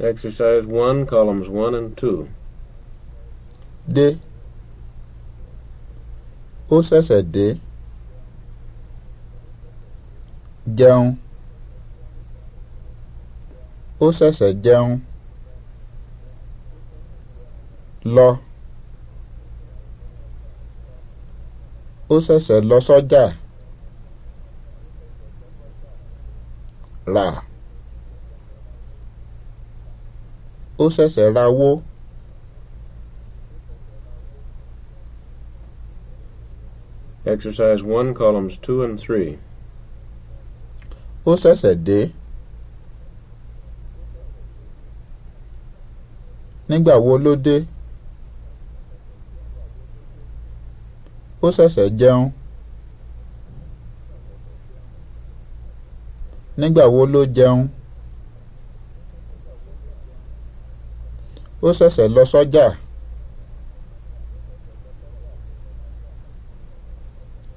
Exercise 1, columns 1 and 2. D. se ṣẹ̀ṣẹ̀ dé. Jẹun. Ó ṣẹ̀ṣẹ̀ jẹun. Lọ. Ó ṣẹ̀ṣẹ̀ lọ La. ó ṣẹ̀ṣẹ̀ rawó Exercise one, columns two and 3. Ó ṣẹ̀ṣẹ̀ dé. Nígbà wo ló dé? Ó ṣẹ̀ṣẹ̀ jẹun. Nígbà wo ló jẹun? ó ṣẹ̀ṣẹ̀ lọ sọ́jà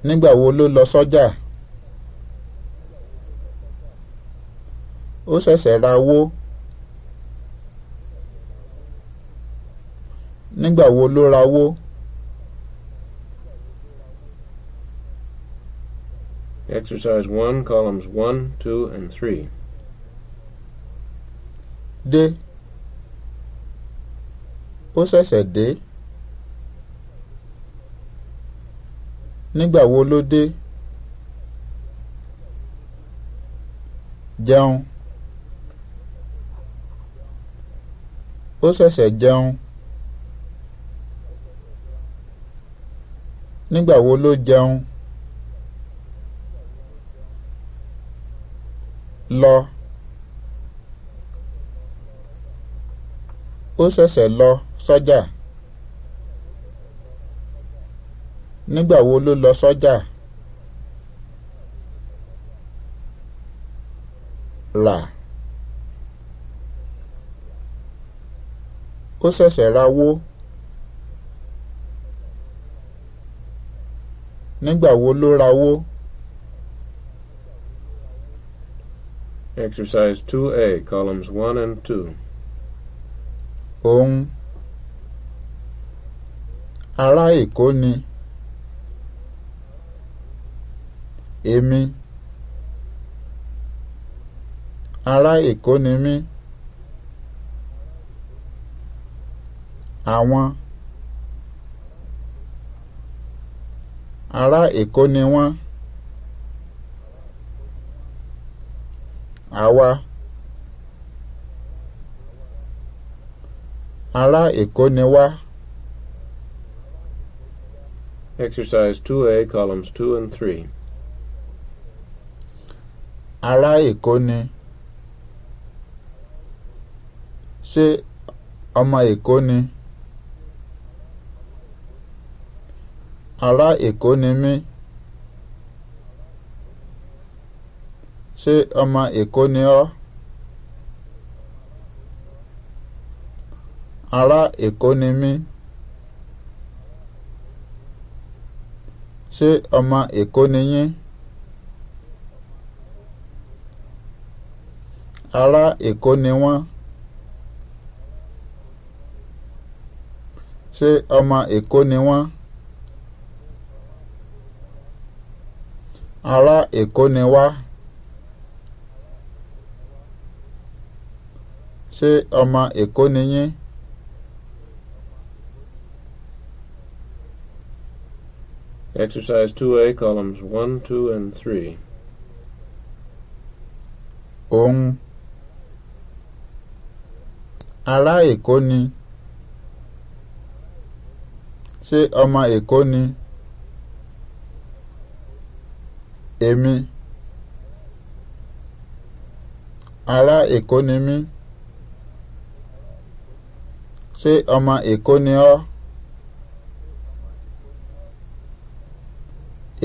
nígbà wo ló lọ sọ́jà ó ṣẹ̀ṣẹ̀ ra owó nígbà wo ló ra owó. Exercise one, columns one, two, and three. D ó ṣẹ̀ṣẹ̀ dé nígbà wo ló dé jẹun ó ṣẹ̀ṣẹ̀ jẹun nígbà wo ló jẹun lọ ó ṣẹ̀ṣẹ̀ lọ sọ́jà nígbà wo ló lọ sọ́jà rà ó ṣẹ̀ṣẹ̀ rawó nígbà wo ló rawó. Exercise 2A, columns 1 and 2. Òun. Um ará Èkó ni èmi ará Èkó ni mí àwọn ará Èkó ni wọ́n àwa ará Èkó ni wá. Exercise 2A, columns 2 and 3. Ara Èkó ni. Ṣé ọmọ Èkó ni? Ará Èkó ni mí. Ṣé ọmọ Èkó ni ọ́? Ará Èkó ni mí. ṣé ọmọ Èkó ni yín? Ará Èkó ni wọ́n. Ṣé ọmọ Èkó ni wọ́n? Ará Èkó ni wá. Ṣé ọmọ Èkó ni yín? Exercise 2A, columns 1, 2, and 3. Òun ará Èkó ni ṣé ọmọ Èkó ni èmi ará Èkó ni mí ṣé ọmọ Èkó ni ọ́.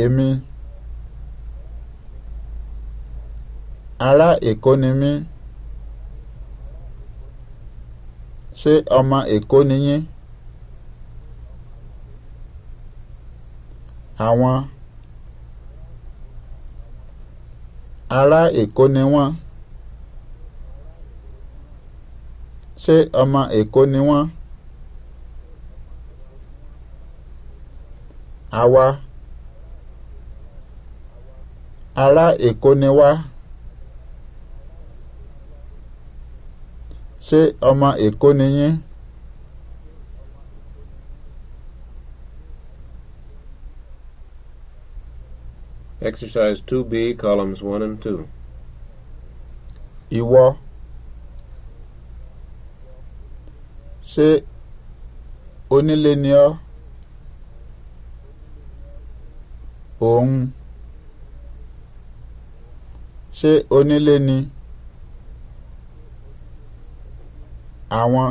Emi, ará Èkó ni mí. Ṣé ọmọ Èkó ni yín? Àwọn ará Èkó ni wọ́n. Ṣé ọmọ Èkó ni wọ́n? Àwa ará Èkó ni wá ṣé ọmọ Èkó ni yín? Exercise two b columns one and two. Ìwọ. Ṣé onílé ni ọ́? Òun ṣé onílé ni àwọn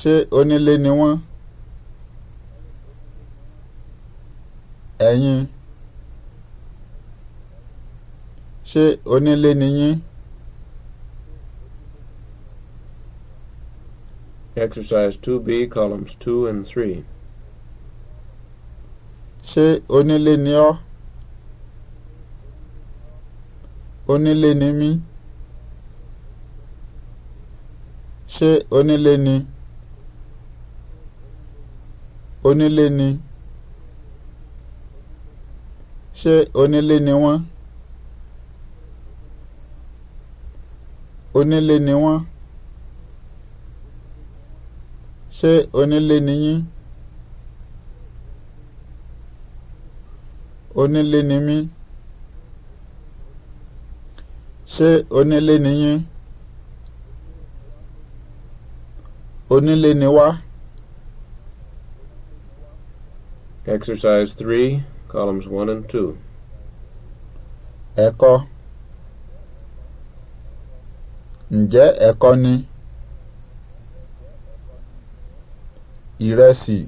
ṣé onílé ni wọ́n ẹ̀yin ṣé onílé ni yín. Exercise two b columns two and three. Ṣé onílé ni ọ́? Onílé ni mí. Ṣé onílé ni? Onílé ni. Ṣé onílé ni wọ́n? Onílé ni wọ́n. Ṣé onílé ni yín? Onílé ni mí. ṣé onílé ni yín onílé wá. Exercise 3, columns 1 and 2. Ẹ̀kọ́. Ǹjẹ́ ẹ̀kọ́ ni? Ìrẹsì.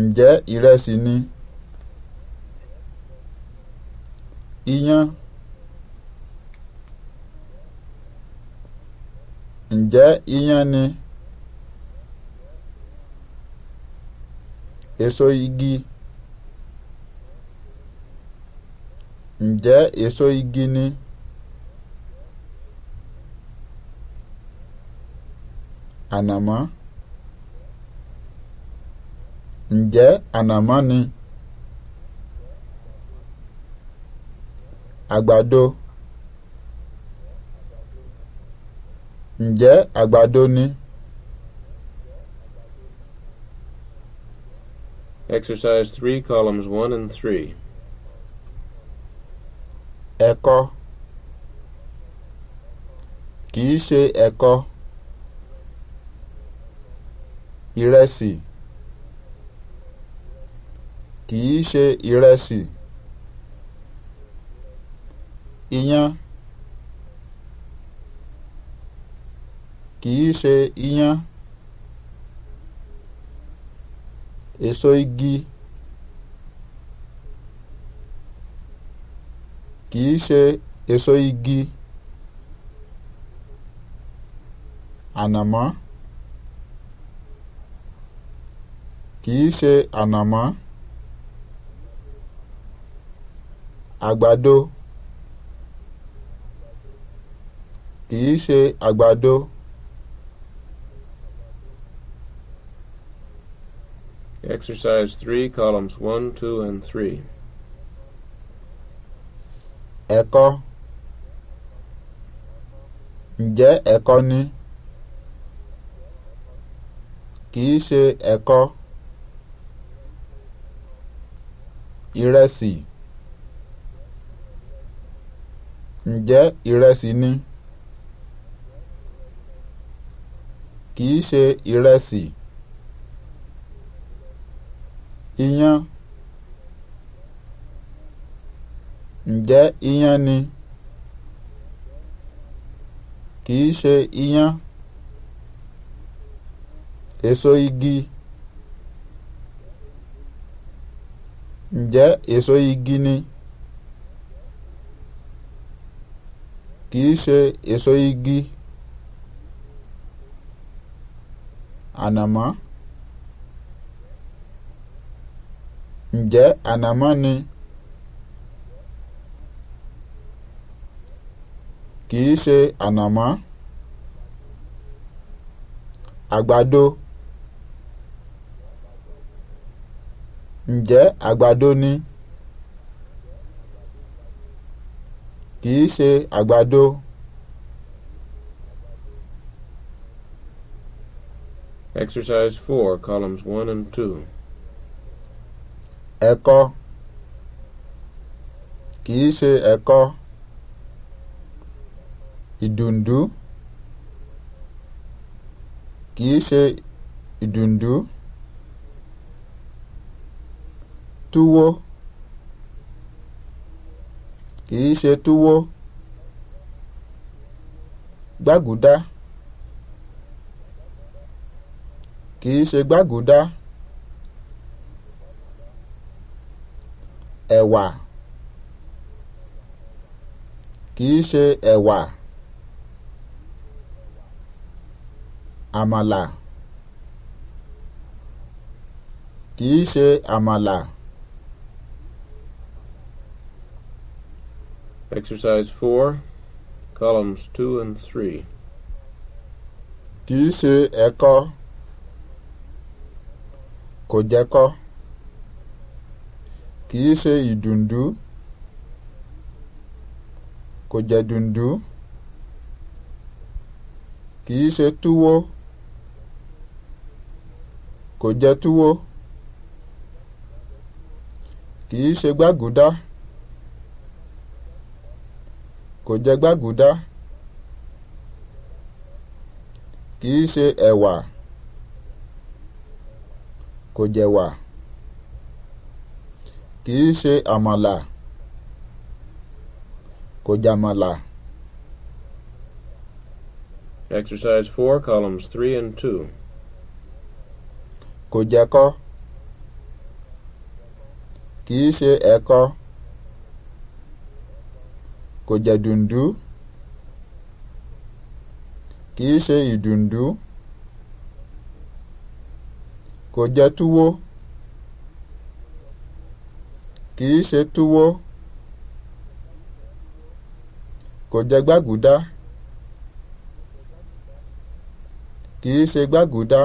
Ǹjẹ́ ìrẹsì ni? iyán ǹjẹ́ iyán ni èso igi ǹjẹ́ èso igi ni ànàmọ́ Ǹjẹ́, ànàmọ́ ni? àgbàdo ǹjẹ́ àgbàdo ni. Exercise three columns one and three. Ẹ̀kọ kìí ṣe ẹ̀kọ ìrẹsì kìí ṣe ìrẹsì iyán kìí ṣe iyán èso igi kìí ṣe èso igi ànàmọ́ kìí ṣe ànàmọ́ àgbàdo. kìí ṣe àgbàdo exercise three columns one two and three ẹ̀kọ́ ǹjẹ́ ẹ̀kọ́ ni kìí ṣe ẹ̀kọ́ ìrẹsì ǹjẹ́ ìrẹsì ni. kì í ṣe ìrẹsì iyán ǹjẹ́ iyán ni kì í ṣe iyán èso igi ǹjẹ́ èso igi ni kì í ṣe èso igi. ànàmọ́ ǹjẹ́ ànàmọ́ ni kìí ṣe ànàmọ́ àgbàdo ǹjẹ́ àgbàdo ni kìí ṣe àgbàdo. Exercise 4, columns 1 and 2. Ẹ̀kọ́ kise ṣe ìdùndú kise ìdùndú túwó kise ṣe túwó gbàgùdá. kì í ṣe gbàgódá ẹ̀wà kì í ṣe ẹ̀wà àmàlà kì í ṣe àmàlà. Exercise four, columns two and three. Kì í ṣe ẹ̀kọ kò jẹ́kọ́ kìí ṣe ìdùndú kò jẹ́ dùndú kìí ṣe túwó kò jẹ́ túwó kìí ṣe gbàgùdá kò jẹ́ gbàgùdá kìí ṣe ẹ̀wà. E kó jẹ wà kì í ṣe àmàlà kó jàmàlà. Exercise four columns three and two. Kò jẹ́kọ́. Kìí ṣe ẹ̀kọ́. Kò jẹ́ dùndú. Kìí ṣe ìdùndú kò jẹ túwó kì í ṣe túwó kò jẹ gbàgùdá kì í ṣe gbàgùdá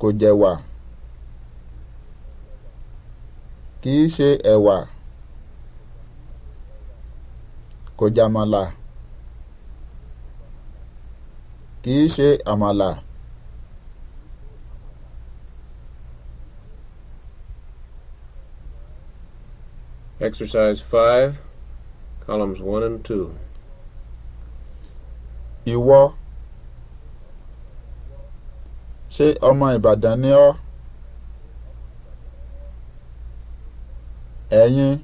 kò jẹ̀wà kì í ṣe ẹ̀wà kò jàmàlà kìí ṣe àmàlà exercise five columns one and two. ìwọ ṣé ọmọ Ìbàdàn ni ọ́ ẹ̀yin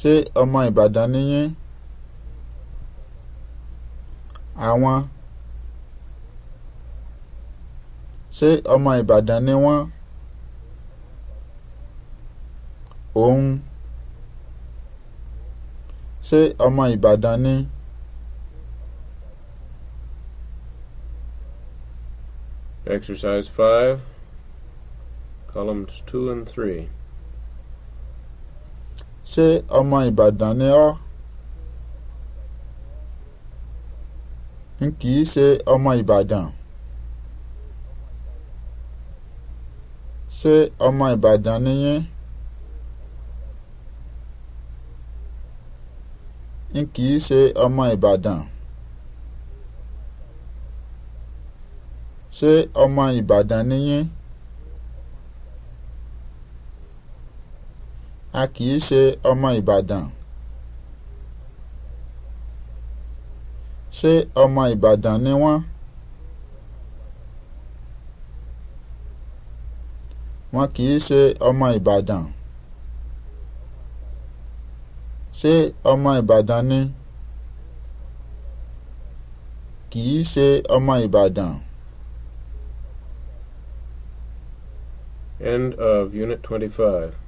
ṣé ọmọ Ìbàdàn ni yín àwọn ṣé ọmọ Ìbàdàn ni wọ́n òun ṣé ọmọ Ìbàdàn ni exercise five columns two and three ṣé ọmọ Ìbàdàn ni ọ́. n kì í ṣe ọmọ Ìbàdàn ṣé ọmọ Ìbàdàn ni yín n kì í ṣe ọmọ Ìbàdàn ṣé ọmọ Ìbàdàn ni a kì í ṣe ọmọ Ìbàdàn. ṣé ọmọ Ìbàdàn ni wọ́n? Wọn kì í ṣe ọmọ Ìbàdàn. Ṣé ọmọ Ìbàdàn ni? Kì í ṣe ọmọ Ìbàdàn. End of Unit 25.